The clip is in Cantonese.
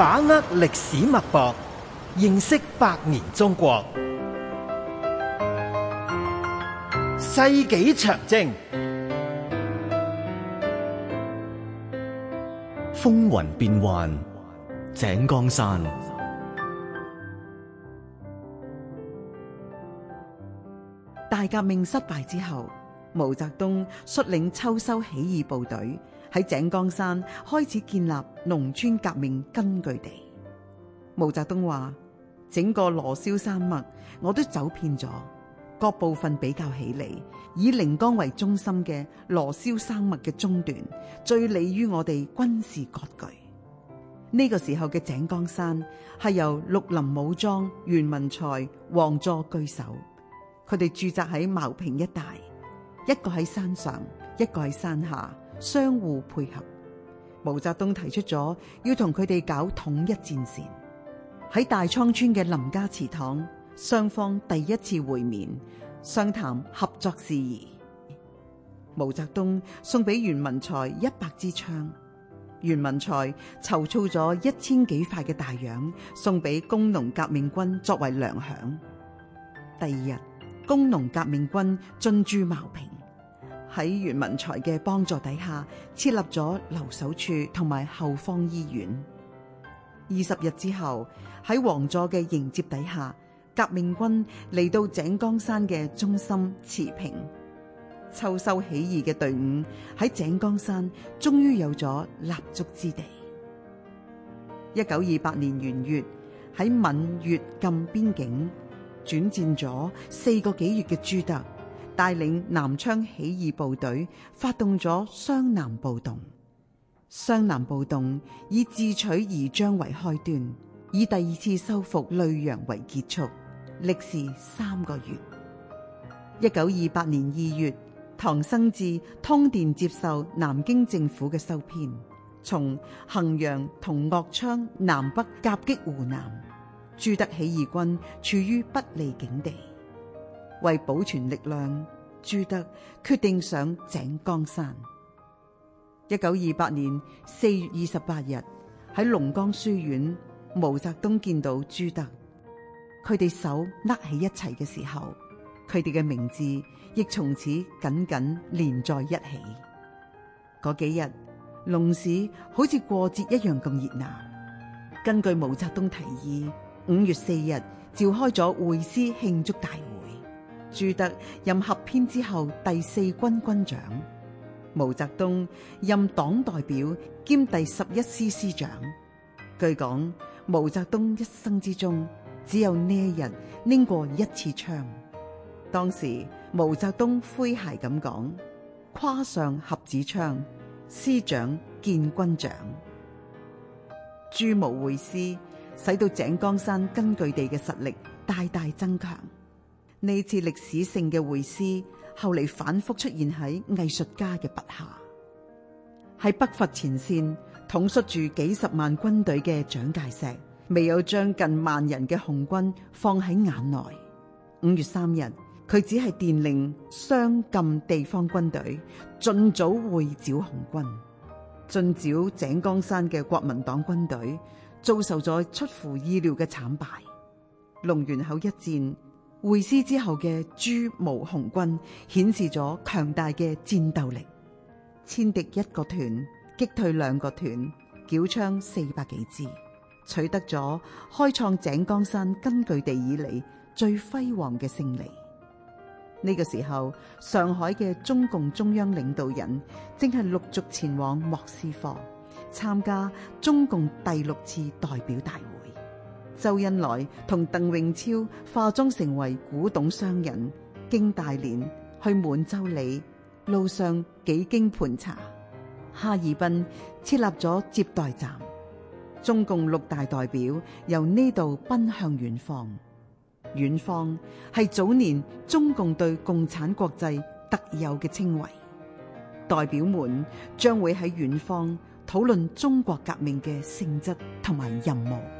把握歷史脈搏，認識百年中國。世紀長征，風雲變幻，井岡山。大革命失敗之後，毛澤東率領秋收起義部隊喺井岡山開始建立農村革命根據地。毛澤東話：整個羅霄山脈我都走遍咗，各部分比較起嚟，以寧岡為中心嘅羅霄山脈嘅中段最利於我哋軍事割據。呢、這個時候嘅井岡山係由綠林武裝袁文才、王佐居首，佢哋駐紮喺茅坪一帶。一個喺山上，一個喺山下，相互配合。毛澤東提出咗要同佢哋搞統一戰線。喺大倉村嘅林家祠堂，雙方第一次會面，商談合作事宜。毛澤東送俾袁文才一百支槍，袁文才籌措咗一千幾塊嘅大洋，送俾工農革命軍作為糧餉。第二日，工農革命軍進駐茅坪。喺袁文才嘅幫助底下，設立咗留守處同埋後方醫院。二十日之後，喺王佐嘅迎接底下，革命軍嚟到井岡山嘅中心茨坪。秋收起義嘅隊伍喺井岡山終於有咗立足之地。一九二八年元月，喺閩粵贛邊境轉戰咗四個幾月嘅朱德。帶領南昌起義部隊發動咗湘南暴動，湘南暴動以智取宜章為開端，以第二次收復耒陽為結束，歷時三個月。一九二八年二月，唐生智通電接受南京政府嘅收編，從衡陽同樂昌南北夾擊湖南，朱德起義軍處於不利境地。為保存力量，朱德決定上井岡山。一九二八年四月二十八日喺龍江書院，毛澤東見到朱德，佢哋手握喺一齊嘅時候，佢哋嘅名字亦從此緊緊連在一起。嗰幾日龍市好似過節一樣咁熱鬧。根據毛澤東提議，五月四日召開咗會師慶祝大會。朱德任合編之後第四軍軍長，毛澤東任黨代表兼第十一師師長。據講，毛澤東一生之中只有呢一日拎過一次槍。當時毛澤東詼諧咁講：跨上盒子槍，師長見軍長。朱毛會師，使到井岡山根據地嘅實力大大增強。呢次歷史性嘅會師，後嚟反復出現喺藝術家嘅筆下，喺北伐前線統率住幾十萬軍隊嘅蔣介石，未有將近萬人嘅紅軍放喺眼內。五月三日，佢只係電令湘贛地方軍隊盡早會剿紅軍，進剿井岡山嘅國民黨軍隊，遭受咗出乎意料嘅慘敗。龍源口一戰，會師之後嘅朱毛紅軍顯示咗強大嘅戰鬥力，殲敵一個團，擊退兩個團，繳槍四百幾支，取得咗開創井岡山根據地以嚟，最輝煌嘅勝利。呢個時候，上海嘅中共中央領導人正係陸續前往莫斯科參加中共第六次代表大會。周恩來同鄧穎超化妝成為古董商人，經大連去滿洲里，路上幾經盤查。哈爾濱設立咗接待站，中共六大代表由呢度奔向遠方。遠方係早年中共對共產國際特有嘅稱謂。代表們將會喺遠方討論中國革命嘅性質同埋任務。